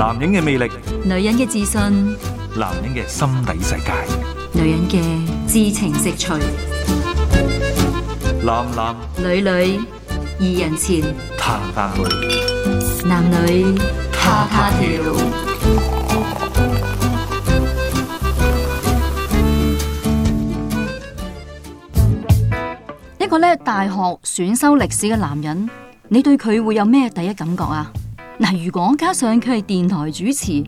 男人嘅魅力，女人嘅自信，男人嘅心底世界，女人嘅知情識趣，男男女女二人前談談去，男女他她調。怕怕一個咧大學選修歷史嘅男人，你對佢會有咩第一感覺啊？嗱，如果加上佢係電台主持，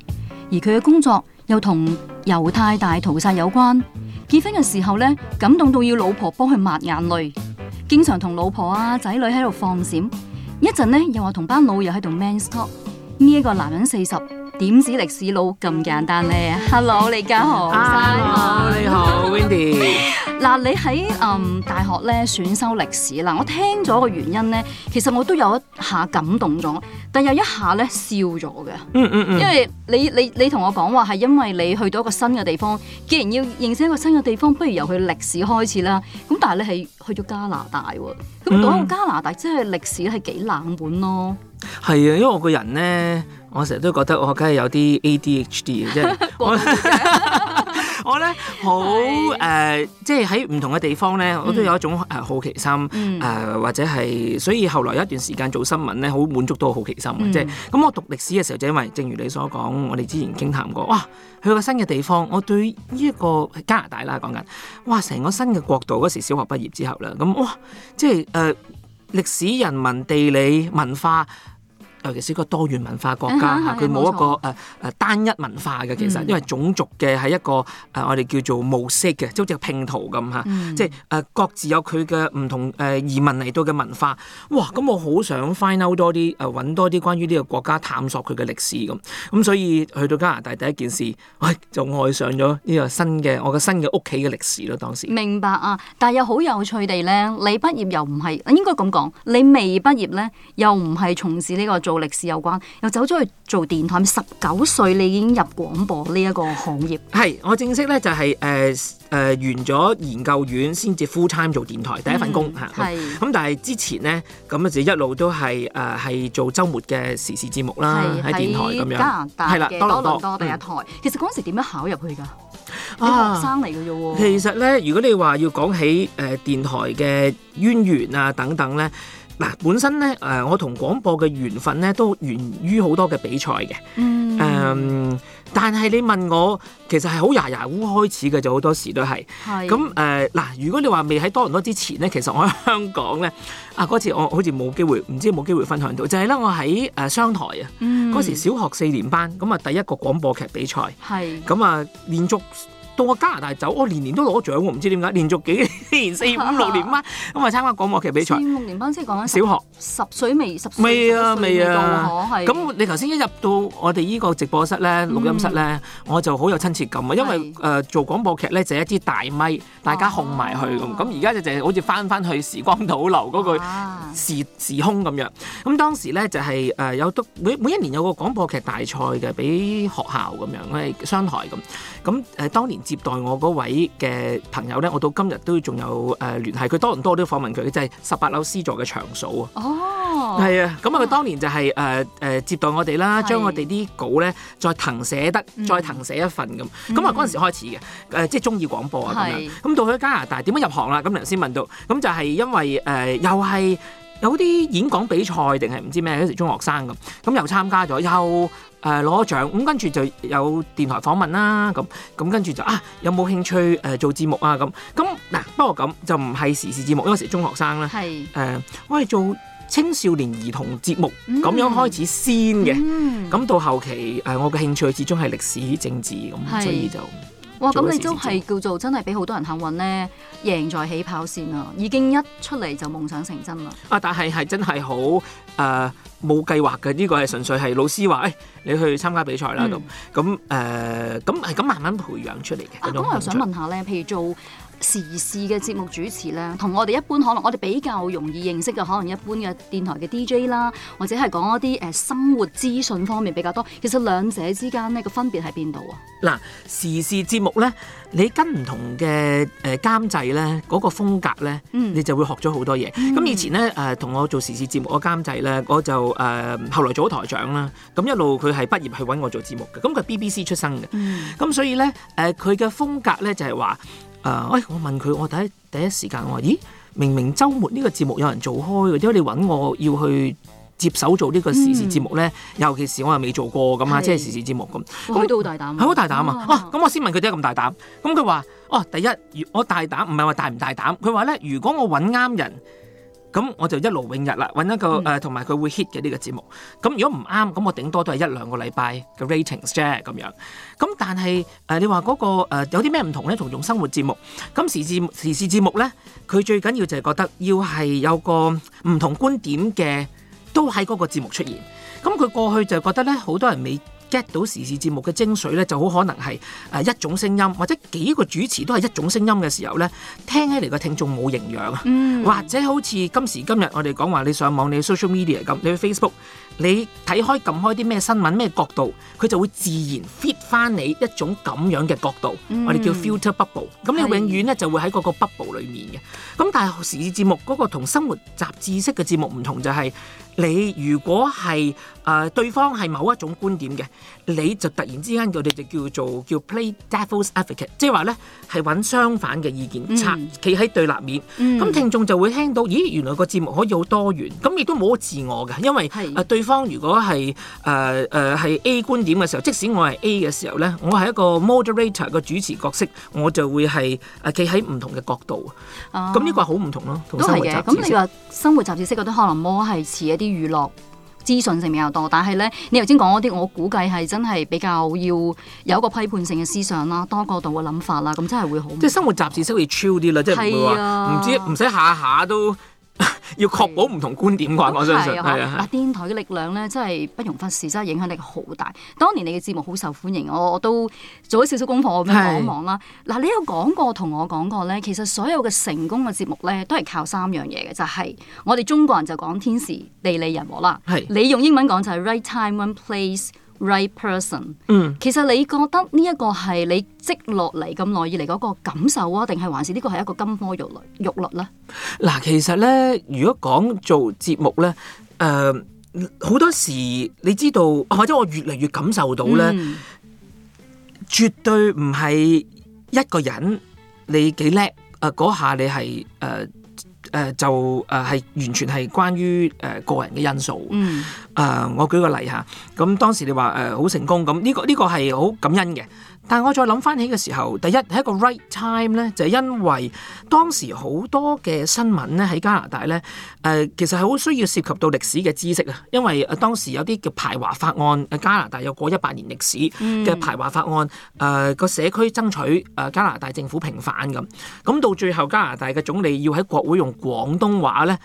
而佢嘅工作又同猶太大屠殺有關，結婚嘅時候咧感動到要老婆幫佢抹眼淚，經常同老婆啊仔女喺度放閃，一陣呢，又話同班老友喺度 man talk，呢一個男人四十，點止歷史佬咁簡單呢？Hello，李家豪，你好，你好，Windy 嗱，你喺嗯大學咧選修歷史啦，我聽咗個原因咧，其實我都有一下感動咗，但有一下咧笑咗嘅、嗯。嗯嗯嗯。因為你你你同我講話係因為你去到一個新嘅地方，既然要認識一個新嘅地方，不如由佢歷史開始啦。咁但係你係去咗加拿大喎，咁講到加拿大，即係歷史係幾冷門咯。係啊、嗯，因為我個人咧，我成日都覺得我梗係有啲 ADHD 嘅啫。我呢好誒，即係喺唔同嘅地方呢，我都有一種誒好奇心，誒、嗯呃、或者係，所以後來有一段時間做新聞呢，好滿足到好奇心、嗯、即係咁，我讀歷史嘅時候就因為，正如你所講，我哋之前傾談過，哇，去個新嘅地方，我對呢、這、一個加拿大啦講緊，哇，成個新嘅國度嗰時小學畢業之後啦，咁、嗯、哇，即係誒歷史、人文、地理、文化。尤其是個多元文化國家嚇，佢冇一個誒誒單一文化嘅其實，因為種族嘅係一個誒我哋叫做模式嘅，即好似拼圖咁嚇，嗯、即誒各自有佢嘅唔同誒移民嚟到嘅文化。哇！咁我好想 find out 多啲誒揾多啲關於呢個國家，探索佢嘅歷史咁，咁所以去到加拿大第一件事，喂、哎，就愛上咗呢個新嘅我嘅新嘅屋企嘅歷史咯。當時明白啊。但係又好有趣地咧，你畢業又唔係，應該咁講，你未畢業咧又唔係從事呢個做做歷史有關，又走咗去做電台。十九歲你已經入廣播呢一個行業。係，我正式咧就係誒誒完咗研究院先至 full time 做電台第一份工嚇。係、嗯。咁、嗯、但係之前呢，咁啊就一路都係誒係做週末嘅時事節目啦，喺是電台咁樣。加拿大多倫多第一台。多倫多嗯、其實嗰時點樣考入去噶？啲、啊、學生嚟嘅啫喎。其實咧，如果你話要講起誒電台嘅淵源啊等等咧。嗱，本身咧誒，我同廣播嘅緣分咧都源於好多嘅比賽嘅，誒、嗯嗯，但係你問我其實係好牙牙烏開始嘅，就好多時都係咁誒嗱。如果你話未喺多倫多之前咧，其實我喺香港咧啊嗰次我好似冇機會，唔知有冇機會分享到就係咧，我喺誒商台啊嗰、嗯、時小學四年班咁啊，第一個廣播劇比賽，咁啊練足。我加拿大走，我年年都攞獎喎，唔知點解，連續幾年四五六年班，咁啊參加廣播劇比賽。五六年班先講緊小學，十歲未十歲？未啊未啊，咁你頭先一入到我哋呢個直播室咧、錄音室咧，我就好有親切感啊，因為誒做廣播劇咧就一支大咪，大家控埋佢咁。咁而家就就好似翻翻去時光倒流嗰句時時空咁樣。咁當時咧就係誒有都每每一年有個廣播劇大賽嘅，俾學校咁樣，我係商台咁。咁誒當年。接待我嗰位嘅朋友咧，我到今日都仲有誒聯繫佢，多唔多我都訪問佢，就係十八樓 C 座嘅場數啊！哦，係啊，咁啊，佢當年就係誒誒接待我哋啦，將我哋啲稿咧再騰寫得再騰寫一份咁，咁啊嗰陣時開始嘅誒，即係鍾意廣播啊咁樣，咁到去加拿大點樣入行啦？咁梁師問到，咁就係因為誒又係有啲演講比賽定係唔知咩嗰時中學生咁，咁又參加咗又。誒攞、呃、獎咁跟住就有電台訪問啦，咁咁跟住就啊有冇興趣誒、呃、做節目啊？咁咁嗱不過咁就唔係時事節目，因為時中學生啦，係誒是、呃、我係做青少年兒童節目咁樣開始先嘅，咁、嗯嗯、到後期誒、呃、我嘅興趣始終係歷史政治咁，是所以就。哇！咁、哦、你都係叫做真係俾好多人幸運咧，贏在起跑線啊！已經一出嚟就夢想成真啦！啊！但係係真係好誒冇、呃、計劃嘅，呢、這個係純粹係老師話誒、哎、你去參加比賽啦咁咁誒咁係咁慢慢培養出嚟嘅。咁、啊啊、我又想問下咧，譬如做。時事嘅節目主持咧，同我哋一般可能，我哋比較容易認識嘅可能一般嘅電台嘅 DJ 啦，或者係講一啲誒生活資訊方面比較多。其實兩者之間呢個分別喺邊度啊？嗱，時事節目咧，你跟唔同嘅誒監製咧，嗰、那個風格咧，你就會學咗好多嘢。咁以前咧誒，同、呃、我做時事節目嘅監製咧，我就誒、呃、後來做咗台長啦。咁一路佢係畢業去搵我做節目嘅，咁佢係 BBC 出生嘅，咁所以咧誒佢嘅風格咧就係、是、話。誒，喂、uh，哎！我問佢，我第一第一時間我話，咦，明明週末呢個節目有人做開嘅，點解你揾我要去接手做呢個時事節目咧？嗯、尤其是我又未做過咁啊，即係、嗯、時事節目咁。佢都好大膽，係好大膽啊！哇、啊！咁我先問佢點解咁大膽？咁佢話：哦、啊，第一，我大膽唔係話大唔大膽，佢話咧，如果我揾啱人。咁我就一勞永逸啦，揾一個誒，同埋佢會 hit 嘅呢個節目。咁如果唔啱，咁我頂多都係一兩個禮拜嘅 ratings 啫咁樣。咁但係誒，你話嗰個誒有啲咩唔同咧？同用生活節目，咁時事時事節目咧，佢最緊要就係覺得要係有個唔同觀點嘅都喺嗰個節目出現。咁佢過去就覺得咧，好多人未 get 到時事節目嘅精髓咧，就好可能係誒一種聲音，或者幾個主持都係一種聲音嘅時候咧，聽起嚟個聽眾冇營養，嗯、或者好似今時今日我哋講話你上網你 social media 咁，你去 Facebook，你睇開撳開啲咩新聞咩角度，佢就會自然 fit 翻你一種咁樣嘅角度，嗯、我哋叫 filter bubble 是。咁你永遠咧就會喺嗰個 bubble 裡面嘅。咁但係時事節目嗰個同生活雜誌式嘅節目唔同就係、是。你如果係誒、呃、對方係某一種觀點嘅，你就突然之間佢哋就叫做叫做 play devil's advocate，即係話咧係揾相反嘅意見撐企喺對立面。咁、嗯嗯、聽眾就會聽到，咦，原來個節目可以好多元，咁亦都冇自我嘅，因為誒對方如果係誒誒係 A 觀點嘅時候，即使我係 A 嘅時候咧，我係一個 moderator 個主持角色，我就會係誒企喺唔同嘅角度。咁呢個係好唔同咯，同生活雜誌式、啊、都係嘅。咁你話生活雜誌式嗰啲可能摩係似一啲。啲娛樂資訊性比較多，但係咧，你頭先講嗰啲，我估計係真係比較要有一個批判性嘅思想啦，多角度嘅諗法啦，咁真係會好。即係生活雜誌式會超啲啦，即係唔會話唔知唔使下下都。 要確保唔同觀點啩，的我相信係啊。嗱，電台嘅力量咧，真係不容忽視，真係影響力好大。當年你嘅節目好受歡迎，我我都做咗少少功課，我望一望啦。嗱的，你有講過同我講過咧，其實所有嘅成功嘅節目咧，都係靠三樣嘢嘅，就係、是、我哋中國人就講天時、地利、人和啦。係的，你用英文講就係 right time，one place。Right person，嗯，其實你覺得呢一個係你積落嚟咁耐以嚟嗰個感受啊，定係還是呢個係一個金科玉律玉律呢？嗱，其實呢，如果講做節目呢，誒，好多時你知道，或者我越嚟越感受到呢，絕對唔係一個人你幾叻，誒，嗰下你係誒。誒、呃、就誒係、呃、完全係關於誒、呃、個人嘅因素。嗯、呃，誒我舉個例吓，咁、啊、當時你話誒好成功，咁呢、呢個呢、呢個係好感恩嘅。但我再諗翻起嘅時候，第一係一個 right time 呢，就係因為，當時好多嘅新聞呢，喺加拿大呢，誒、呃，其實係好需要涉及到歷史嘅知識啊。因為當時有啲叫排華法案，誒，加拿大有過一百年歷史嘅排華法案，誒、呃，個社區爭取誒加拿大政府平反咁，咁到最後加拿大嘅總理要喺國會用廣東話呢。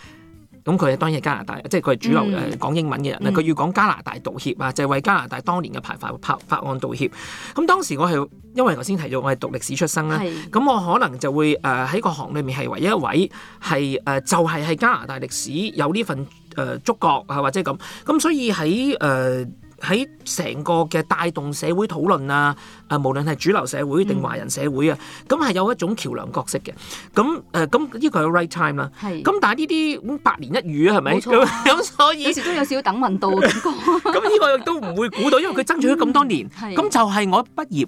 咁佢當然係加拿大，即係佢係主流嘅講英文嘅人啦。佢、嗯、要講加拿大道歉啊，就係、是、為加拿大當年嘅排法法案道歉。咁當時我係因為頭先提到我係讀歷史出生啦，咁是我可能就會誒喺、呃、個行裏面係唯一一位係誒、呃、就係、是、喺加拿大歷史有呢份誒、呃、觸覺啊，或者咁。咁、就是、所以喺誒。呃喺成個嘅帶動社會討論啊，啊無論係主流社會定華人社會啊，咁係、嗯、有一種橋梁角色嘅。咁誒，咁、呃、呢個係 right time 啦、啊。係是。咁但係呢啲百年一遇啊，係咪？冇錯咁、啊、 所以有時都有少少等運到嘅感覺。咁呢 個都唔會估到，因為佢爭取咗咁多年。係、嗯。咁就係我畢業，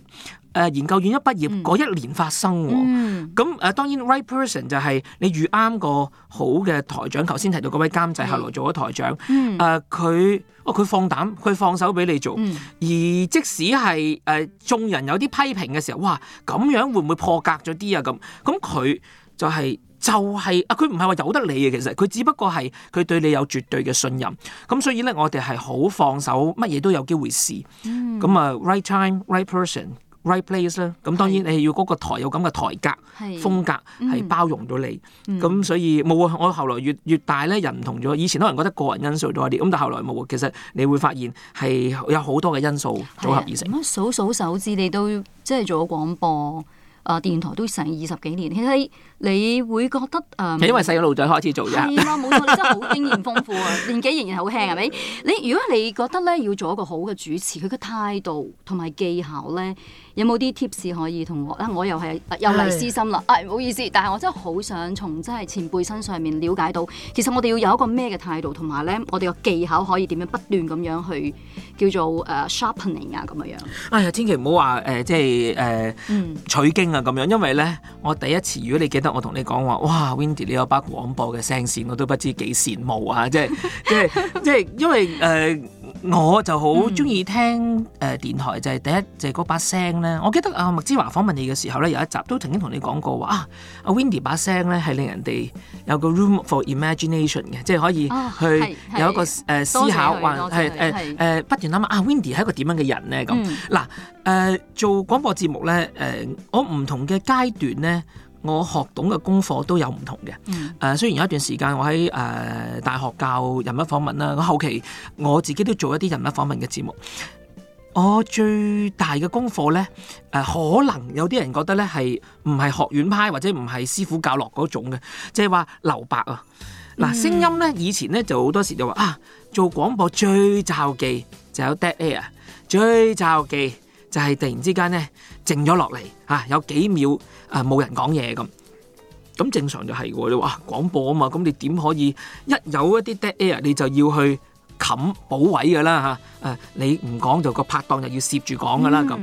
誒研究院一畢業嗰一年發生喎，咁誒、 啊、當然 right person 就係你遇啱個好嘅台長。頭先提到嗰位監製，後來做咗台長，誒佢，哦 佢、啊啊、放膽，佢放手俾你做。 而即使係誒、啊、眾人有啲批評嘅時候，哇，咁樣會唔會破格咗啲啊？咁咁佢就係就係啊，佢唔係話由得你嘅，其實佢只不過係佢對你有絕對嘅信任。咁所以咧，我哋係好放手，乜嘢都有機會試。咁啊，啊，right time，right person。Right place 啦，咁當然你係要嗰個台有咁嘅台格是風格，係包容到你。咁、嗯嗯、所以冇啊，我後來越越大咧，人唔同咗。以前可能覺得個人因素多啲，咁但後來冇啊。其實你會發現係有好多嘅因素組合而成。數數手指，你都即係做咗廣播啊、電台都成二十幾年，其實。你會覺得誒，嗯、因為細路仔開始做嘢，係啦、啊，冇錯，你真係好經驗豐富啊， 年紀仍然好輕，係咪？你如果你覺得咧要做一個好嘅主持，佢嘅態度同埋技巧咧，有冇啲 tips 可以同我？啊，我又係、啊、又嚟私心啦，唔、哎哎、好意思，但係我真係好想從真係前輩身上面了解到，其實我哋要有一個咩嘅態度，同埋咧我哋嘅技巧可以點樣不斷咁樣去叫做誒、uh, sharpening 啊咁嘅樣。哎呀，千祈唔好話誒，即係誒、呃、取經啊咁樣，因為咧我第一次如果你記得。我同你講話，哇 Windy 呢個把廣播嘅聲線，我都不知幾羨慕啊！即係即係即係，因為誒、呃、我就好中意聽誒電台，嗯、就係第一就係、是、嗰把聲咧。我記得啊，麥之華訪問你嘅時候咧，有一集都曾經同你講過話啊，阿、啊、Windy 把聲咧係令人哋有個 room for imagination 嘅，即、就、係、是、可以去有一個誒思考，啊呃、或係誒誒不斷諗啊 Windy 係一個點樣嘅人咧，咁嗱誒做廣播節目咧誒，我、呃、唔、呃、同嘅階段咧。呃我學懂嘅功課都有唔同嘅，誒、呃、雖然有一段時間我喺誒、呃、大學教人物訪問啦，咁後期我自己都做一啲人物訪問嘅節目。我最大嘅功課呢，誒、呃、可能有啲人覺得呢係唔係學院派或者唔係師傅教落嗰種嘅，即係話留白啊。嗱，聲音呢以前呢就好多時就話啊，做廣播最詐忌，就有 dead air，最詐忌，就係、是、突然之間呢。靜咗落嚟嚇，有幾秒啊冇人講嘢咁，咁正常就係喎，你話廣播啊嘛，咁你點可以一有一啲 dead air，你就要去冚補位㗎啦嚇。誒，你唔講就個拍檔就要攝住講㗎啦咁。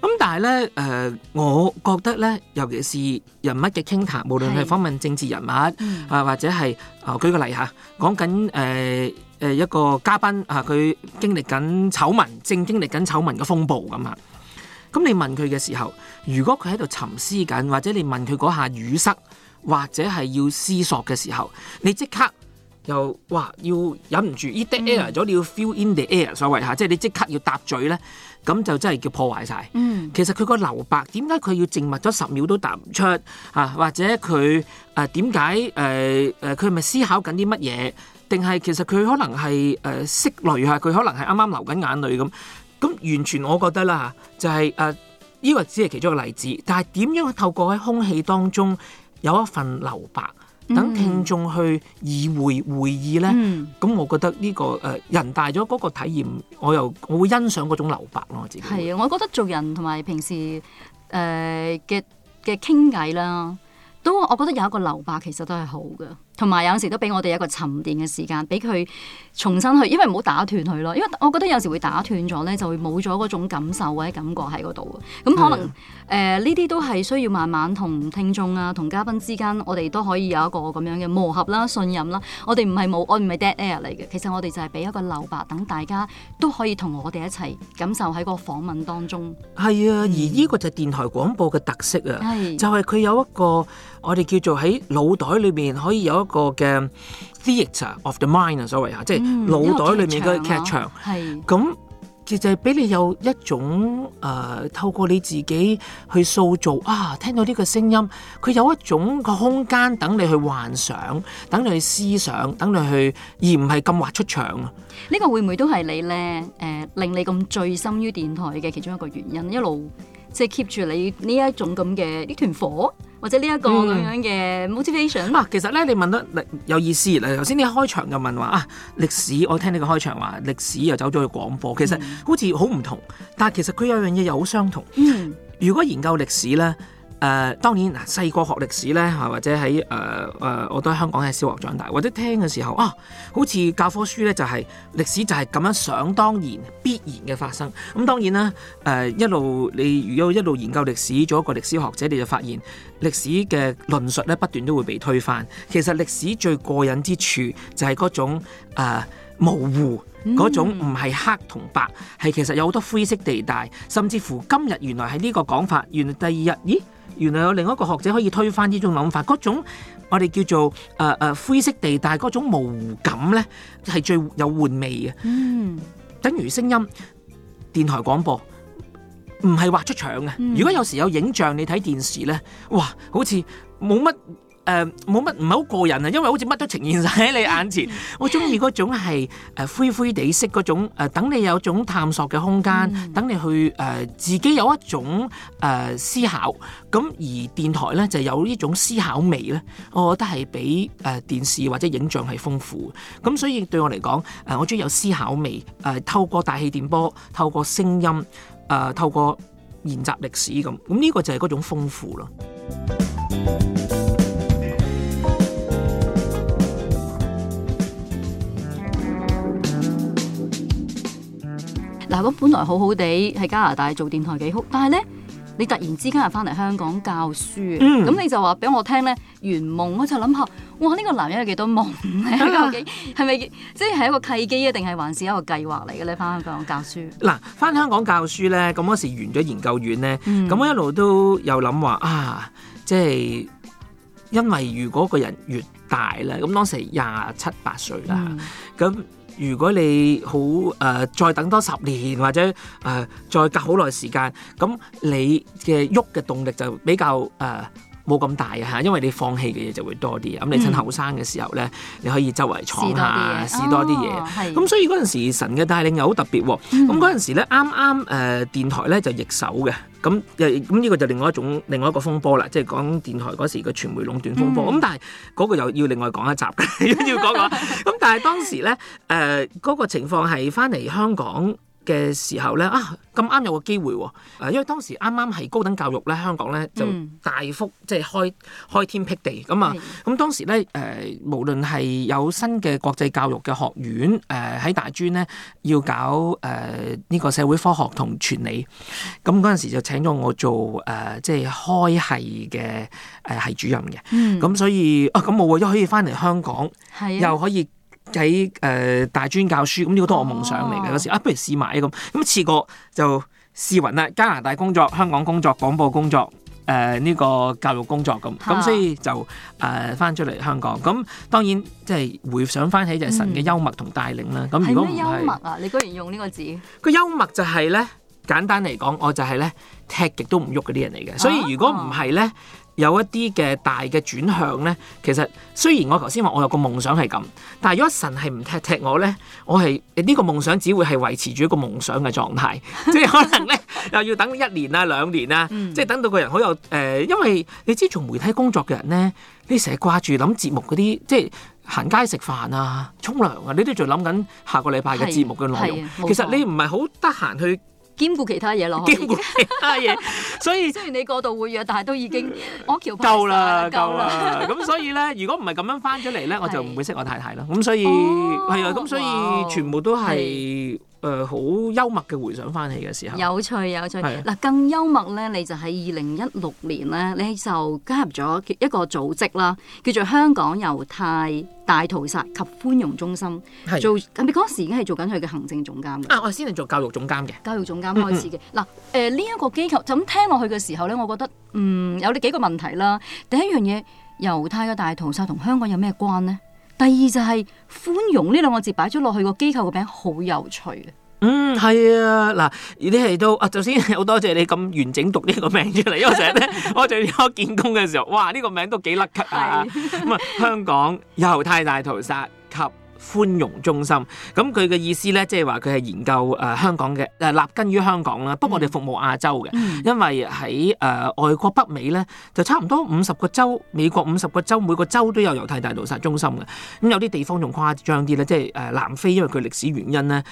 咁但係咧誒，我覺得咧，尤其是人物嘅傾談，無論係訪問政治人物啊，或者係啊，舉個例嚇，講緊誒誒一個嘉賓啊，佢經歷緊醜聞，正經歷緊醜聞嘅風暴咁嚇。咁你問佢嘅時候，如果佢喺度沉思緊，或者你問佢嗰下語塞，或者係要思索嘅時候，你即刻又哇要忍唔住，in the air 咗，你、嗯、要 feel in the air，所謂嚇，即係你即刻要答嘴咧，咁就真係叫破壞曬。嗯、其實佢個留白，點解佢要靜默咗十秒都答唔出啊？或者佢誒點解誒誒佢係咪思考緊啲乜嘢？定係其實佢可能係誒拭淚嚇，佢、呃、可能係啱啱流緊眼淚咁。咁完全，我覺得啦，吓，就係誒呢個只係其中一個例子。但係點樣透過喺空氣當中有一份留白，等聽眾去意會會議咧？咁、嗯、我覺得呢、這個誒、呃、人大咗嗰個體驗，我又我會欣賞嗰種留白咯。我自己係啊，我覺得做人同埋平時誒嘅嘅傾偈啦，都我覺得有一個留白其實都係好嘅。同埋有時都俾我哋一個沉澱嘅時間，俾佢重新去，因為唔好打斷佢咯。因為我覺得有時會打斷咗呢，就會冇咗嗰種感受或者感覺喺嗰度。咁可能誒，呢啲的、呃、都係需要慢慢同聽眾啊，同嘉賓之間，我哋都可以有一個咁樣嘅磨合啦、信任啦。我哋唔係冇，我唔係 dead air 嚟嘅。其實我哋就係俾一個留白，等大家都可以同我哋一齊感受喺個訪問當中。係啊，而呢個就係電台廣播嘅特色啊，的就係佢有一個我哋叫做喺腦袋裏面可以有。一個嘅 theatre of the mind 啊，所謂吓，即係腦袋裏面個劇場。係咁，其實係俾你有一種誒，透過你自己去塑造啊，聽到呢個聲音，佢有一種個空間等你去幻想，等你去思想，等你去，而唔係咁滑出場。呢個會唔會都係你咧？誒，令你咁醉心於電台嘅其中一個原因，一路即係 keep 住你呢一種咁嘅呢團火。或者呢一個咁樣嘅 motivation、嗯、啊，其實咧你問得有意思嗱，頭先你開場就問話啊，歷史我聽你個開場話歷史又走咗去廣播，其實好似好唔同，但係其實佢有樣嘢又好相同。嗯、如果研究歷史咧。誒，uh, 當然嗱，細個學歷史咧，嚇、啊、或者喺誒誒，我都喺香港喺小學長大，或者聽嘅時候，啊，好似教科書咧就係、是、歷史就係咁樣想當然必然嘅發生。咁、嗯、當然啦，誒、啊、一路你如果一路研究歷史做一個歷史學者，你就發現歷史嘅論述咧不斷都會被推翻。其實歷史最過癮之處就係嗰種、呃、模糊，嗰種唔係黑同白，係、嗯、其實有好多灰色地帶，甚至乎今日原來係呢個講法，原來第二日，咦？原來有另一個學者可以推翻呢種諗法，嗰種我哋叫做誒誒灰色地帶嗰種模糊感咧，係最有玩味嘅，嗯，等於聲音電台廣播唔係畫出場嘅。如果有時有影像你睇電視咧，哇，好似冇乜。誒冇乜唔係好過癮啊，因為好似乜都呈現晒喺你眼前。 我中意嗰種係灰灰地色嗰種等你有種探索嘅空間，等你去誒、呃、自己有一種誒、呃、思考。咁而電台呢，就有呢種思考味咧，我覺得係比誒、呃、電視或者影像係豐富。咁所以對我嚟講，誒、呃、我中意有思考味。誒、呃、透過大氣電波，透過聲音，誒、呃、透過研習歷史咁，咁呢個就係嗰種豐富咯。嗱，咁本來好好地喺加拿大做電台幾好，但係咧，你突然之間又翻嚟香港教書，咁、嗯、你就話俾我聽咧，完夢我就諗下，哇！呢、呢個男人有幾多夢、啊、究竟係咪即係一個契機啊？定係還是一個計劃嚟嘅咧？翻香港教書嗱，翻、啊、香港教書咧，咁嗰時完咗研究院咧，咁、嗯、我一路都有諗話啊，即係因為如果個人越大咧，咁當時廿七八歲啦咁。嗯如果你好誒、呃，再等多十年或者誒、呃，再隔好耐時間，咁你嘅喐嘅動力就比較誒，呃冇咁大啊，因為你放棄嘅嘢就會多啲啊。咁、嗯、你趁後生嘅時候咧，你可以周圍闖下，試多啲嘢。咁、哦、誒所以嗰陣時神嘅帶領又好特別喎、哦。咁嗰陣時咧啱啱誒電台咧就易手嘅，咁咁呢個就另外一種另外一個風波啦，即係講電台嗰時嘅傳媒壟斷風波。咁、嗯、但係嗰個又要另外講一集嘅， 要講講。咁但係當時咧誒嗰個情況係翻嚟香港嘅時候咧啊，咁啱有個機會喎、啊，因為當時啱啱係高等教育咧，香港咧就大幅、嗯、即係開開天闢地咁啊，咁的當時咧誒、呃，無論係有新嘅國際教育嘅學院，誒、呃、喺大專咧要搞誒呢、呃這個社會科學同傳理，咁嗰陣時就請咗我做誒、呃、即係開系嘅誒系主任嘅，咁、嗯、所以啊咁冇，我可的又可以翻嚟香港，又可以。喺誒、呃、大專教書，咁呢個都係我夢想嚟嘅嗰時，啊，啊不如試埋咁，咁次過就試勻啦。加拿大工作、香港工作、廣播工作、誒、呃、呢、這個教育工作咁，咁、啊、所以就誒翻、呃、出嚟香港。咁當然即係、就是、回想翻起就係神嘅幽默同帶領啦。咁、嗯、如果唔係，幽默啊！你居然用呢個字。個幽默就係咧，簡單嚟講，我就係咧踢極都唔喐嗰啲人嚟嘅。所以如果唔係咧。啊啊有一啲嘅大嘅轉向咧，其實雖然我頭先話我有個夢想係咁，但係如果神係唔踢踢我咧，我係呢、這個夢想只會係維持住一個夢想嘅狀態，即係可能咧 又要等一年啊、兩年啊，嗯、即係等到個人好有誒、呃，因為你知做媒體工作嘅人咧，你成日掛住諗節目嗰啲，即係行街食飯啊、沖涼啊，你都仲諗緊下個禮拜嘅節目嘅內容，其實你唔係好得閒去。兼顧其他嘢咯，兼顧其他嘢， 所以雖然你過度會約，但係都已經我喬拍夠啦，夠啦。咁所以咧，如果唔係咁樣返咗嚟咧，我就唔會識我太太啦。咁所以係啊，咁的所以全部都係。誒好、呃、幽默嘅回想翻嚟嘅時候，有趣有趣。嗱，的更幽默咧，你就喺二零一六年咧，你就加入咗一個組織啦，叫做香港猶太大屠殺及寬容中心，的做。你嗰時已經係做緊佢嘅行政總監。啊，我先係做教育總監嘅，教育總監開始嘅。嗱、嗯嗯，誒呢一個機構就咁聽落去嘅時候咧，我覺得嗯有你幾個問題啦。第一樣嘢，猶太嘅大屠殺同香港有咩關咧？第二就係、是、寬容呢兩個字擺咗落去個機構嘅名，好有趣嘅。嗯，係啊，嗱，而你嚟都，啊，首先好多謝你咁完整讀呢個名出嚟，因為成日咧， 我最初見工嘅時候，哇，呢、這個名都幾甩咳啊，唔係 香港猶太大屠殺及寬容中心，咁佢嘅意思呢，即係話佢係研究誒香港嘅，誒、呃、立根於香港啦。不過我哋服務亞洲嘅，因為喺誒、呃、外國北美呢，就差唔多五十個州，美國五十個州每個州都有猶太大屠殺中心嘅。咁有啲地方仲誇張啲呢，即係誒南非，因為佢歷史原因呢，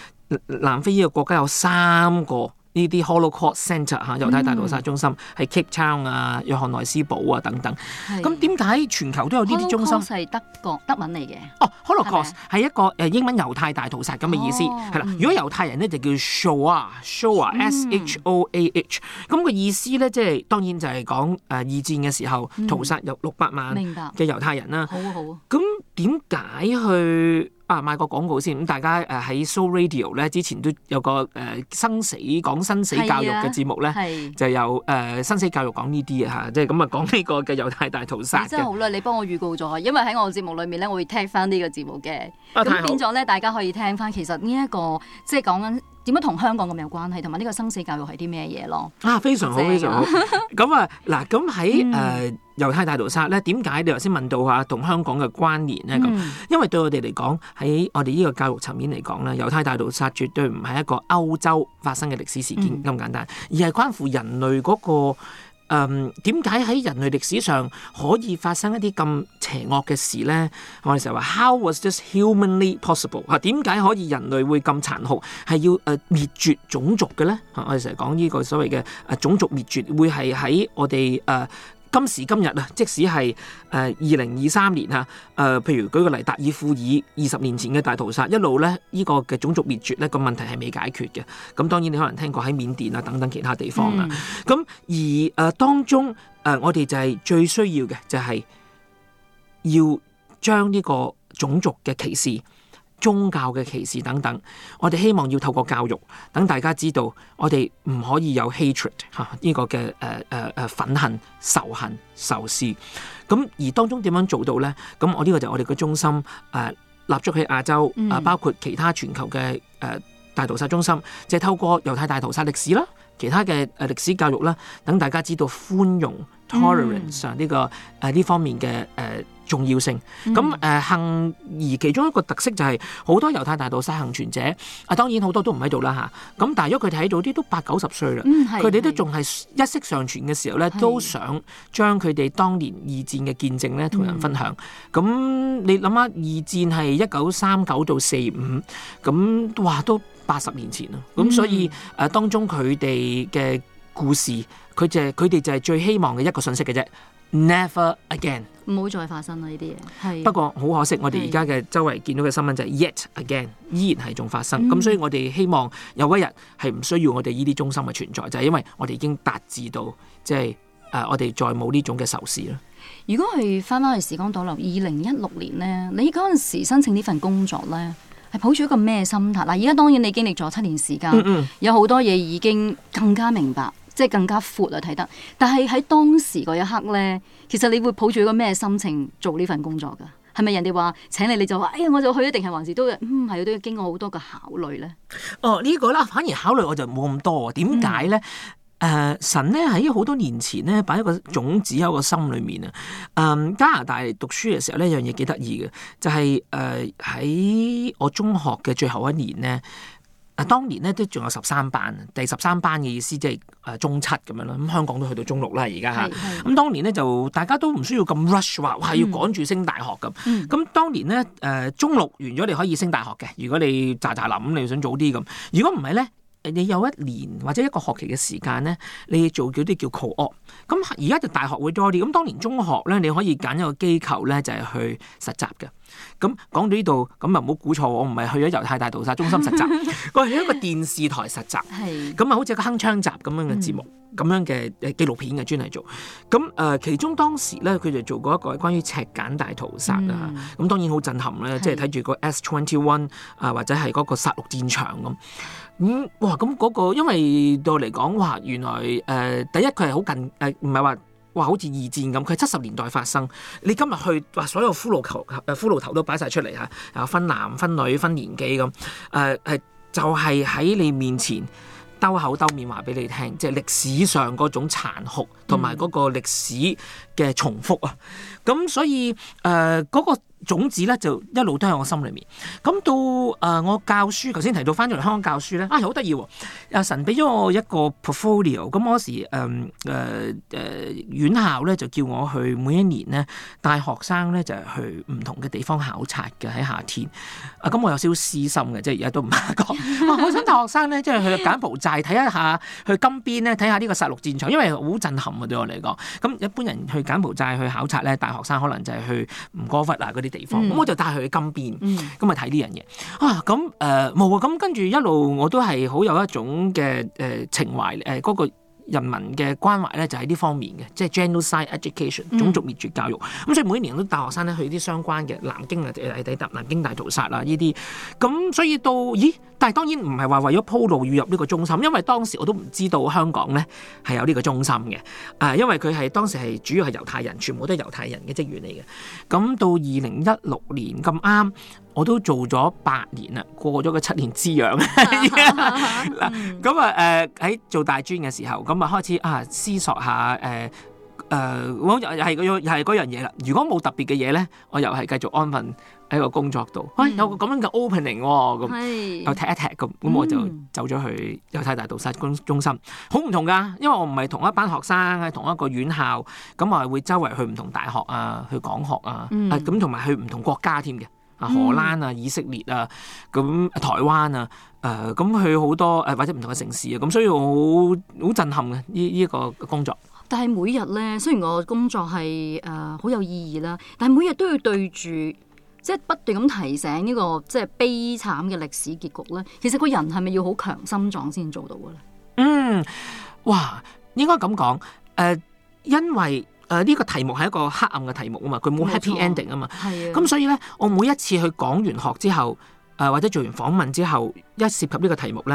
南非呢個國家有三個。呢啲 Holocaust Centre 嚇猶太大屠殺中心，係 Cape Town 啊、約翰內斯堡啊等等。咁點解全球都有呢啲中心？係德國德文嚟嘅。哦、oh，Holocaust 係吧一個誒英文猶太大屠殺咁嘅意思，係啦、哦嗯。如果猶太人咧就叫 Shoa，Shoa，S、ah, H O A H。咁、嗯、個意思咧即係當然就係講誒二戰嘅時候屠殺有六百萬嘅猶太人啦、嗯。好好。咁點解去？嗯啊，賣個廣告先咁，大家誒喺 Soooradio 咧，之前都有個誒、呃、生死講生死教育嘅節目咧，啊、就有誒、呃、生死教育講呢啲啊，即係咁啊講呢個嘅猶太大屠殺。真係好啦，你幫我預告咗，因為喺我節目裡面咧，我會聽翻呢個節目嘅，咁變咗咧大家可以聽翻，其實呢一個即係講緊。點樣同香港咁有關係？同埋呢個生死教育係啲咩嘢咯？啊，非常好，非常好。咁 啊，嗱，咁喺誒猶太大屠殺咧，點解你頭先問到啊同香港嘅關聯咧？咁、嗯，因為對我哋嚟講，喺我哋呢個教育層面嚟講咧，猶太大屠殺絕對唔係一個歐洲發生嘅歷史事件咁、嗯、簡單，而係關乎人類嗰、那個。誒點解喺人類歷史上可以發生一啲咁邪惡嘅事呢？我哋成日話，how was this humanly possible？嚇，點解可以人類會咁殘酷，係要誒、uh, 滅絕種族嘅呢？我哋成日講呢個所謂嘅誒、啊、種族滅絕，會係喺我哋誒。Uh, 今時今日啊，即使係誒二零二三年啊，誒、呃、譬如舉個例，達爾富爾二十年前嘅大屠殺，一路咧呢、呢個嘅種族滅絕咧個問題係未解決嘅。咁當然你可能聽過喺緬甸啊等等其他地方啦。咁、嗯、而誒、呃、當中誒、呃、我哋就係最需要嘅就係要將呢個種族嘅歧視，宗教嘅歧視等等，我哋希望要透過教育，等大家知道我哋唔可以有 hatred 嚇呢個嘅誒誒誒憤恨、仇恨、仇視咁。而當中點樣做到呢？咁我呢個就我哋嘅中心誒、呃，立足喺亞洲啊、呃，包括其他全球嘅誒、呃、大屠殺中心，即係透過猶太大屠殺歷史啦，其他嘅誒歷史教育啦，等大家知道寬容。tolerance 上呢個誒呢方面嘅誒重要性，咁誒、呃、幸而其中一個特色就係、是、好多猶太大屠殺幸存者，啊當然好多都唔喺度啦吓，咁大約佢哋喺度啲都八九十歲啦，佢哋、嗯、都仲係一息尚存嘅時候咧，是都想將佢哋當年二戰嘅見證咧同人分享。咁、嗯、你諗下二戰係一九三九到四五，咁哇都八十年前啦，咁所以誒、啊、當中佢哋嘅。故事佢就係佢哋就係最希望嘅一個信息嘅啫。Never again，唔好再發生啦呢啲嘢。係不過好可惜，是我哋而家嘅周圍見到嘅新聞就係 yet again，依然係仲發生。咁、嗯、所以我哋希望有嗰日係唔需要我哋呢啲中心嘅存在，就係、是、因為我哋已經達至到即係誒，我哋再冇呢種嘅仇視啦。如果係翻翻去時光倒流，二零一六年呢，你嗰陣時申請呢份工作呢，係抱住一個咩心態？嗱，而家當然你經歷咗七年時間，嗯、有好多嘢已經更加明白。即係更加闊啊睇得，但係喺當時嗰一刻咧，其實你會抱住一個咩心情做呢份工作㗎？係咪人哋話請你你就話，哎呀我就去一定係還是都唔，嗯、都要經過好多個考慮咧？哦呢，呢個啦，反而考慮我就冇咁多啊？點解咧？誒、嗯呃，神咧喺好多年前咧，擺一個種子喺個心裏面啊！誒、呃、加拿大讀書嘅時候呢，一樣嘢幾得意嘅，就係誒喺我中學嘅最後一年咧。啊，當年咧都仲有十三班，第十三班嘅意思即係誒中七咁樣咯。咁香港都去到中六啦，而家嚇。咁是是、啊、當年咧就大家都唔需要咁 rush 話，係要趕住升大學咁。咁、嗯嗯、當年咧誒、呃、中六完咗你可以升大學嘅，如果你喳喳諗你想早啲咁。如果唔係咧，你有一年或者一個學期嘅時間咧，你做嗰啲叫 co-op。咁而家就大學會多啲。咁當年中學咧你可以揀一個機構咧就係、是、去實習嘅。咁講到呢度，咁啊唔好估錯，我唔係去咗猶太大屠殺中心實習，我係 去一個電視台實習，咁啊 是好似個鏗鏘集咁樣嘅節目，咁、嗯、樣嘅誒紀錄片嘅專題做。咁誒、呃，其中當時咧，佢就做過一個關於赤柬大屠殺啊，咁、嗯、當然好震撼咧，即係睇住個 S21 啊、呃，或者係嗰個殺戮戰場咁。咁、嗯、哇，咁嗰、那個因為對我嚟講話，原來誒、呃、第一佢係好近，誒唔係話。哇！好似二戰咁，佢七十年代發生。你今日去話所有骷髏頭，誒骷髏頭都擺晒出嚟嚇，啊分男分女分年紀咁，誒、呃、誒就係、是、喺你面前兜口兜面話俾你聽，即係歷史上嗰種殘酷同埋嗰個歷史。嗯嘅重複啊，咁所以誒嗰、呃那個種子咧就一路都喺我心裏面。咁到誒、呃、我教書，頭先提到翻咗嚟香港教書咧，啊好得意！阿、哦、神俾咗我一個 portfolio。咁嗰時誒誒院校咧就叫我去每一年呢，帶學生咧就去唔同嘅地方考察嘅喺夏天。啊咁我有少少私心嘅，即係而家都唔怕講。 我好想帶學生咧，即係去柬埔寨睇一下，去金邊咧睇下呢個殺戮戰場，因為好震撼啊對我嚟講。咁一般人去。柬埔寨去考察咧，大學生可能就係去吳哥窟啊嗰啲地方，咁、嗯、我就帶佢去金邊，咁啊睇呢樣嘢啊，咁誒冇啊，咁跟住一路我都係好有一種嘅誒、呃、情懷誒、呃嗰個。人民嘅關懷咧就喺呢方面嘅，即係 genocide education 種族滅絕教育。咁、嗯、所以每年都大學生咧去啲相關嘅南京啊，南京大屠殺啦呢啲。咁所以到咦，但係當然唔係話為咗鋪路預入呢個中心，因為當時我都唔知道香港咧係有呢個中心嘅。啊、呃，因為佢係當時係主要係猶太人，全部都係猶太人嘅職員嚟嘅。咁到二零一六年咁啱。我都做咗八年啦，過咗個七年之癢啦。咁 啊， 誒 喺、呃、做大專嘅時候，咁啊開始啊思索下，誒、呃、誒、呃，又係個又係嗰樣嘢啦。如果冇特別嘅嘢咧，我又係繼續安分喺個工作度。喂、嗯哎，有咁樣嘅 opening 喎、哦，咁又是踢一踢咁，咁我就走咗去猶太大屠殺中心，好唔同噶，因為我唔係同一班學生，係同一個院校，咁我係會周圍去唔同大學啊，去講學啊，咁同埋去唔同國家添嘅，荷蘭啊，以色列啊，咁台灣啊，誒，咁去好多誒或者唔同嘅城市啊，咁所以我好好震撼嘅呢呢個工作。但係每日咧，雖然我工作係誒好有意義啦，但係每日都要對住，即係不斷咁提醒呢個即係悲慘嘅歷史結局咧。其實個人係咪要好強心臟先做到嘅咧？嗯，哇，應該咁講，誒，因為。誒呢、呃這個題目係一個黑暗嘅題目啊嘛，佢冇 happy ending 啊嘛。係啊錯。咁所以咧，我每一次去講完學之後，誒、呃、或者做完訪問之後，一涉及呢個題目咧，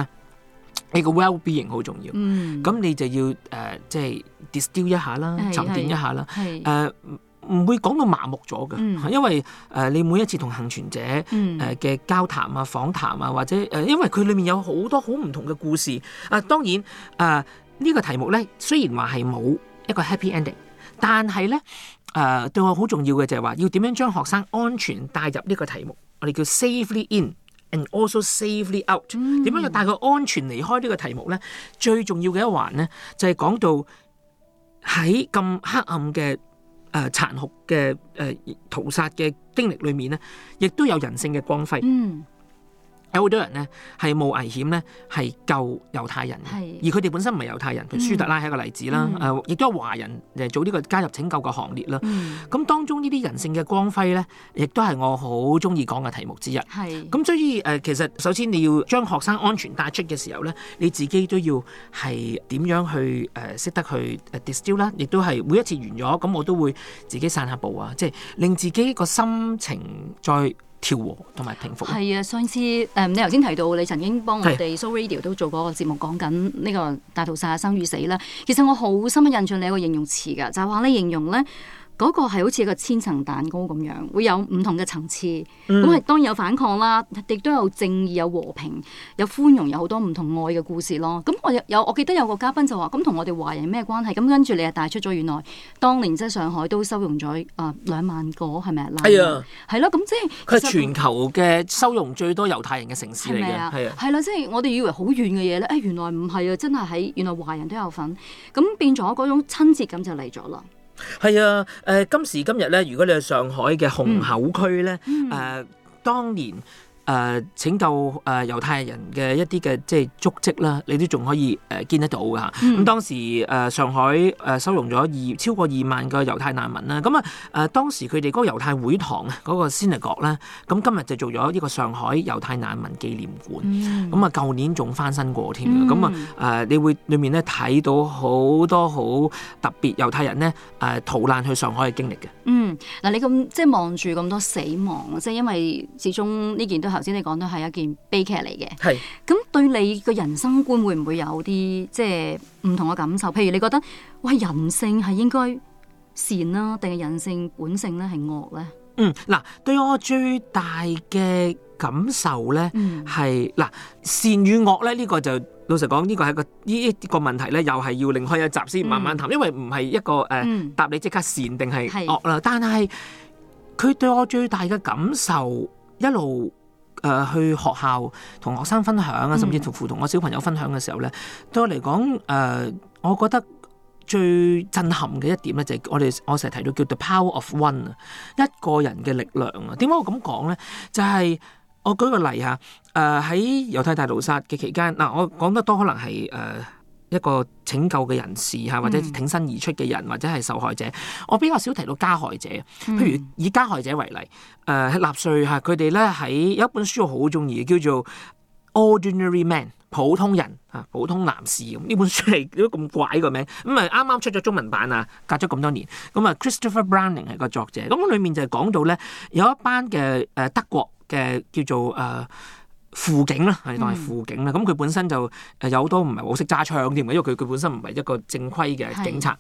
呢個 well being 好重要。嗯。咁你就要誒，即、呃、係、就是、distill 一下啦，沉澱一下啦。係、嗯。唔、嗯呃、會講到麻木咗嘅，嗯、因為誒、呃、你每一次同幸存者，誒、呃、嘅交談啊、訪談啊，或者誒、呃，因為佢裏面有好多好唔同嘅故事。啊、呃，當然誒呢、呃這個題目咧，雖然話係冇一個 happy ending。但係咧，誒、呃、對我好重要嘅就係話，要點樣將學生安全帶入呢個題目，我哋叫 safely in and also safely out，嗯。點樣要帶佢安全離開呢個題目咧？最重要嘅一環咧，就係、是、講到喺咁黑暗嘅誒殘酷嘅誒、呃、屠殺嘅經歷裏面咧，亦都有人性嘅光輝。嗯。有好多人咧係冒危險咧係救猶太人，是而佢哋本身唔係猶太人，譬如舒特拉係一個例子啦。亦、嗯呃、都係華人誒做呢個加入拯救嘅行列啦。咁、嗯、當中呢啲人性嘅光輝咧，亦都係我好中意講嘅題目之一。咁是，所以誒、呃，其實首先你要將學生安全帶出嘅時候咧，你自己都要係點樣去誒識、呃、得去誒 distill 啦，亦都係每一次完咗咁，我都會自己散下步啊，即、就、係、是、令自己個心情再，調和同埋平復。係啊，上次誒、呃、你頭先提到，你曾經幫我哋 Soooradio 的都做過個節目，講緊呢個大屠殺生與死啦。其實我好深刻印象你一個形容詞㗎，就係、是、話你形容咧。嗰個係好似一個千層蛋糕咁樣，會有唔同嘅層次。咁係、嗯、當然有反抗啦，亦都有正義、有和平、有寬容、有好多唔同愛嘅故事咯。咁我有我記得有個嘉賓就話，咁同我哋華人咩關係？咁跟住你又帶出咗原來當年即係上海都收容咗啊、呃、兩萬個係咪啊？係啊，係咯。咁、哎、呀即係佢係全球嘅收容最多猶太人嘅城市嚟嘅。係啊，係的的啦。即係我哋以為好遠嘅嘢咧，誒、哎、原來唔係啊！真係喺原來華人都有份。咁變咗嗰種親切感就嚟咗啦。係啊，誒、呃、今時今日咧，如果你去上海嘅虹口區咧，誒、嗯呃、當年。誒、呃、拯救誒猶太人嘅一啲嘅即係足跡啦，你都仲可以誒、呃、見得到嘅吓。咁、啊、當時誒、呃、上海誒收容咗二超過二萬個猶太難民啦。咁啊誒、啊啊、當時佢哋個個猶太會堂嗰個先係國咧。咁、啊、今日就做咗呢個上海猶太難民紀念館，咁、嗯、啊舊年仲翻新過添嘅。咁啊誒、啊、你會裏面咧睇到好多好特別猶太人咧誒、啊、逃難去上海嘅經歷嘅。嗯嗱、呃，你咁即係望住咁多死亡，即係因為始終呢件都係。頭先你講到係一件悲劇嚟嘅，係咁是對你個人生觀會唔會有啲即係唔同嘅感受？譬如你覺得喂，人性係應該善啦，啊，定係人性本性咧係惡咧，啊？嗯，嗱，對我最大嘅感受咧，係嗱善與惡咧呢，這個就老實講呢，這個係個呢，這個問題咧，又係要另開一集先慢慢談，嗯，因為唔係一個誒、呃嗯，答你即刻善定係惡啦，是但係佢對我最大嘅感受一路。誒、呃，去學校同學生分享啊，甚至乎乎同我小朋友分享嘅時候咧，嗯、對我嚟講，誒、呃，我覺得最震撼嘅一點咧，就係我哋我成日提到叫做、The、Power of One 啊，一個人嘅力量啊。點解我咁講咧？就係、是，我舉個例吓，誒喺猶太大屠殺嘅期間，嗱、呃，我講得多可能係誒。呃一個拯救嘅人士嚇，或者挺身而出嘅人，或者係受害者，我比較少提到加害者。譬如以加害者為例，誒、呃、喺納粹佢哋咧，喺有一本書我好中意，叫做《Ordinary Man》普通人嚇，普通男士咁。呢本書嚟都咁怪個名，咁啊啱啱出咗中文版啊，隔咗咁多年，咁啊 Christopher Browning 係個作者，咁裏面就係講到咧有一班嘅誒、呃、德國嘅叫做誒。呃輔警啦，係當係輔警啦，咁佢、嗯、本身就誒有好多唔係好識揸槍添嘅，因為佢佢本身唔係一個正規嘅警察。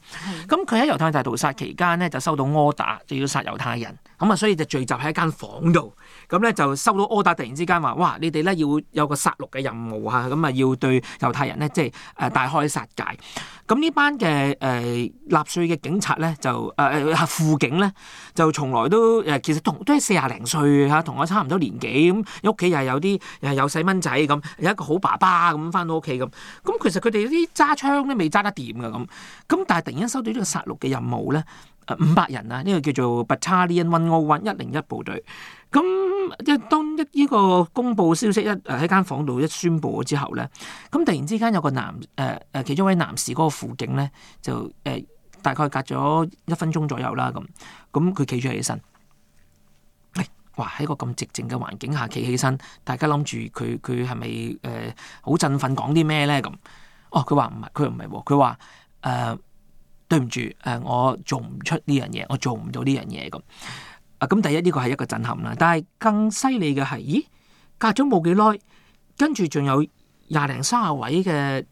咁佢喺猶太大屠殺期間咧，就收到柯打，就要殺猶太人，咁啊，所以就聚集喺一間房度。咁咧就收到柯 r 突然之間話：哇！你哋咧要有個殺戮嘅任務嚇，咁啊要對猶太人咧即係誒、呃、大開殺戒。咁呢班嘅誒、呃、納粹嘅警察咧就誒誒副警咧，就從來都誒其實同都係四廿零歲嚇，同我差唔多年紀咁，屋、嗯、企又有啲又係有細蚊仔咁、嗯，有一個好爸爸咁翻、嗯、到屋企咁。咁、嗯、其實佢哋啲揸槍咧未揸得掂嘅咁，咁、嗯、但係突然間收到呢個殺戮嘅任務咧。五百人啊，呢、這個叫做 Battalion One O One 一零一部隊。咁一當一呢個公佈消息一誒喺間房度一宣布之後咧，咁突然之間有個男誒誒、呃、其中一位男士嗰個輔警咧就誒、呃、大概隔咗一分鐘左右啦咁，咁佢企咗起身。哇！喺個咁寂靜嘅環境下企起身，大家諗住佢佢係咪誒好振奮講啲咩咧？咁哦，佢話唔係，佢唔係喎，佢話誒。對唔住，誒，我做唔出呢樣嘢，我做唔到呢樣嘢咁。啊，咁第一呢個係一個震撼啦。但係更犀利嘅係，咦，隔咗冇幾耐，跟住仲有廿零卅位嘅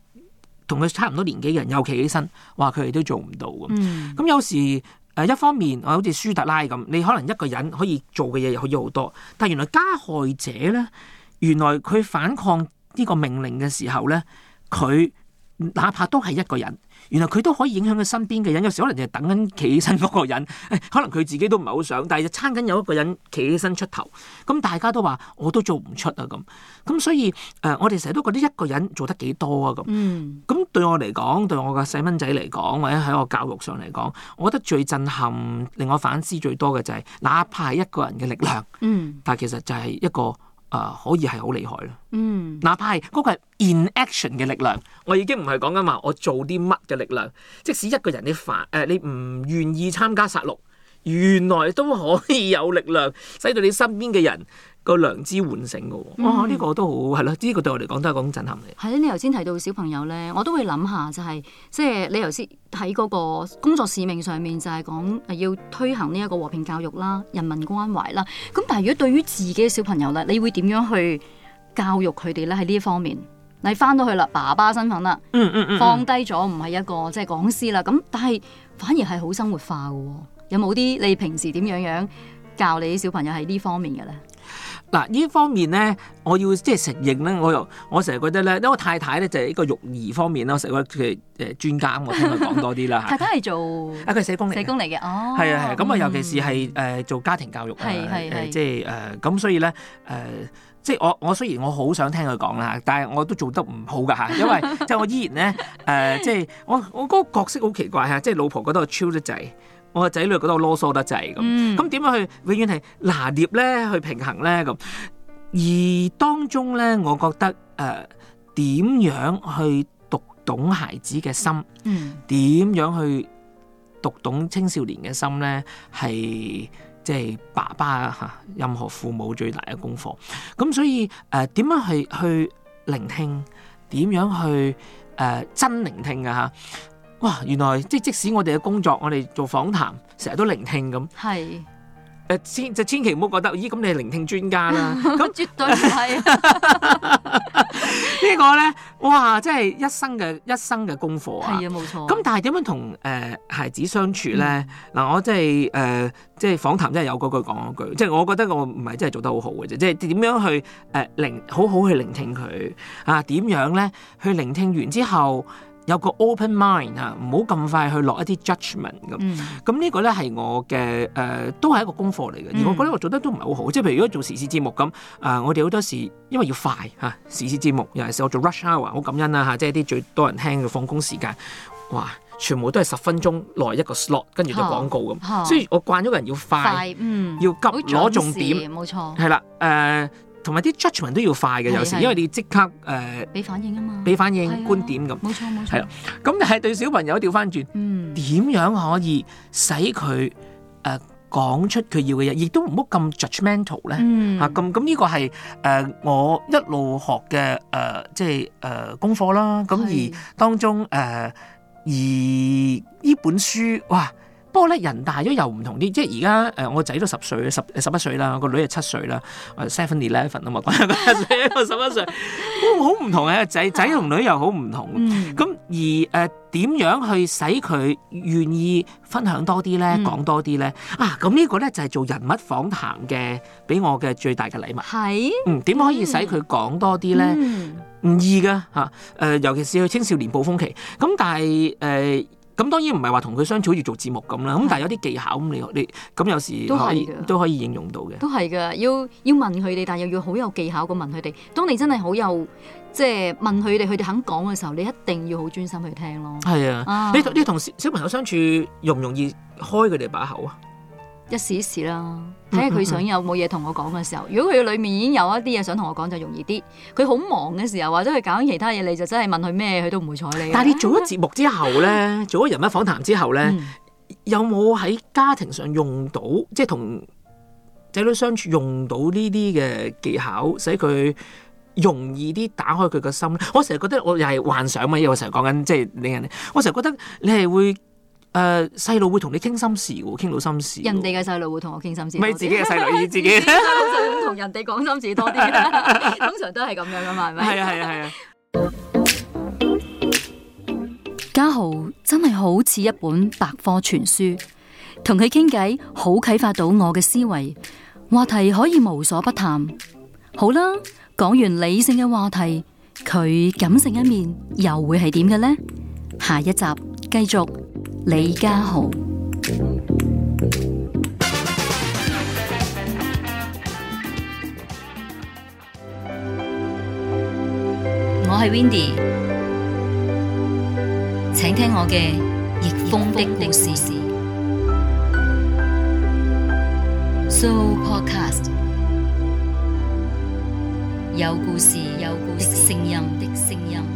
同佢差唔多年紀嘅人又企起身，話佢哋都做唔到咁。咁、嗯嗯、有時誒，一方面，我好似舒特拉咁，你可能一個人可以做嘅嘢，可以好多。但係原來加害者咧，原來佢反抗呢個命令嘅時候咧，佢。哪怕都係一個人，原來佢都可以影響佢身邊嘅人。有時可能就等緊企起身嗰個人，可能佢自己都唔係好想，但係就撐緊有一個人企起身出頭。咁大家都話我都做唔出啊咁。咁所以誒，我哋成日都覺得一個人做得幾多啊咁。嗯，咁對我嚟講，對我個細蚊仔嚟講，或者喺我教育上嚟講，我覺得最震撼、令我反思最多嘅就係、是，哪怕係一個人嘅力量。嗯，但係其實就係一個。啊，uh, 可以係好厲害咯！嗯，mm. 哪怕係、嗰個係 inaction 嘅力量，我已經唔係講緊話我做啲乜嘅力量，即使一個人你煩誒、呃、你唔願意參加殺戮。原來都可以有力量，使到你身邊嘅人個良知喚醒嘅喎。哇、嗯！呢、啊呢個都好係咯，呢、呢個對我嚟講都係一種震撼嚟。係你頭先提到小朋友咧，我都會諗下就係、是、即係你頭先喺嗰個工作使命上面就係講要推行呢一個和平教育啦、人民關懷啦。咁但係如果對於自己嘅小朋友咧，你會點樣去教育佢哋咧喺呢一方面？你翻到去啦，爸爸身份啦，嗯嗯嗯、放低咗唔係一個即係講師啦，咁、就是、但係反而係好生活化嘅喎、哦。有冇啲你平時點樣樣教你小朋友喺呢方面嘅咧？嗱，呢方面咧，我要即係承認咧，我又我成日覺得咧，因為太太咧就係一個育兒方面啦，我成日覺得佢誒專家我聽佢講多啲啦。 太太係是做、哦、啊，佢社工，社工嚟嘅哦，係啊係咁啊，尤其是係誒、呃、做家庭教育啊，係係係，即係誒咁，所以咧誒、呃、即係我我雖然我好想聽佢講啦，但係我都做得唔好噶嚇，因為即係 我依然咧誒、呃，即係我我嗰個角色好奇怪嚇，即係老婆覺得我超得滯。我個仔女覺得我囉嗦得滯咁，咁點樣去永遠係拿捏咧去平衡咧咁？而當中咧，我覺得誒點樣去讀懂孩子嘅心，點樣去讀懂青少年嘅心咧，係即係爸爸嚇，任何父母最大嘅功課。咁所以誒，點樣去去聆聽？點樣去誒真聆聽啊？嚇！哇！原來即係即使我哋嘅工作，我哋做訪談，成日都聆聽咁。係誒是、呃，千就千祈唔好覺得，咦？咁你係聆聽專家啦。咁 那絕對唔係。 個呢個咧，哇！即係一生嘅一生嘅功課啊。係啊，冇錯。咁但係點樣同誒、呃、孩子相處咧？嗱、嗯，我即係誒，即係訪談，真係有嗰句講嗰句，即、就、係、是、我覺得我唔係真係做得好，就是呃、好好嘅啫。即係點樣去誒聆好好去聆聽佢啊？點樣咧去聆聽完之後？有個 open mind 嚇、啊，唔好咁快去落一啲 judgment 咁、啊。咁呢個咧係我嘅誒、呃，都係一個功課嚟嘅。而我覺得我做得都唔係好好，即係譬如如果做時事節目咁，啊，我哋好多時因為要快嚇、啊，時事節目尤其係我做 rush hour 好感恩啦嚇、啊，即係啲最多人聽嘅放工時間，哇，全部都係十分鐘內一個 slot，跟住就廣告咁。雖然呵我慣咗個人要快，嗯，要急攞重點，冇錯，係啦，誒。同埋啲 judgement 都要快嘅，有時的因為你即刻誒俾、uh, 反應啊嘛，俾反應的觀點咁，冇錯冇錯，係啦。咁你係對小朋友調翻轉，點、嗯、樣可以使佢誒講出佢要嘅嘢，亦都唔好咁 judgmental 咧？嗯、啊，咁咁呢個係誒、uh, 我一路學嘅誒、uh, 即係誒、uh, 功課啦。咁、啊、而當中誒、uh, 而呢本書哇！不過咧，人大咗又唔同啲，即係而家誒，我個仔都十歲十十一歲啦，個女係七歲啦，Seven Eleven 啊嘛，七歲，我十一歲，哇，好唔同嘅仔仔同女又好唔同。咁而誒點樣去使佢願意分享多啲咧，講多啲咧啊？咁呢個咧就係做人物訪談嘅，俾我嘅最大嘅禮物。係，嗯，點可以使佢講多啲咧？唔易噶嚇，誒，尤其是去青少年暴風期。咁但係誒。咁當然唔係話同佢相處好似做節目咁啦，咁的但係有啲技巧咁，你你咁有時可以都，都可以應用到嘅。都係噶，要要問佢哋，但又要好有技巧咁問佢哋。當你真係好有即係問佢哋，佢哋肯講嘅時候，你一定要好專心去聽咯。係的啊，你你同小，小朋友相處容唔容易開佢哋把口啊？一試一試啦，睇下佢想有冇嘢同我講嘅時候。如果佢裏面已經有一啲嘢想同我講，就容易啲。佢好忙嘅時候，或者佢搞緊其他嘢，你就真係問佢咩，佢都唔會睬你。但係你做咗節目之後咧， 做咗人物訪談之後咧， 嗯、有冇喺家庭上用到，即係同仔女相處用到呢啲嘅技巧，使佢容易啲打開佢嘅心？我成日覺得我又係幻想嘛，因為我成日講緊即係令人，我成日覺得你係會。誒，細路、呃、會同你傾心事嘅，傾到心事。人哋嘅細路會同我傾心事，唔係自己嘅細路，自己。細路細同人哋講心事多啲 通常都係咁樣噶嘛，係咪？ 係啊，係啊，係啊。家豪真係好似一本百科全書，同佢傾偈好啟發到我嘅思維，話題可以無所不談。好啦，講完理性嘅話題，佢感性一面又會係點嘅呢？下一集繼續。李家豪，我係 Windy，請聽我嘅逆風的故事。So Podcast 有故事，有故事聲音的聲音。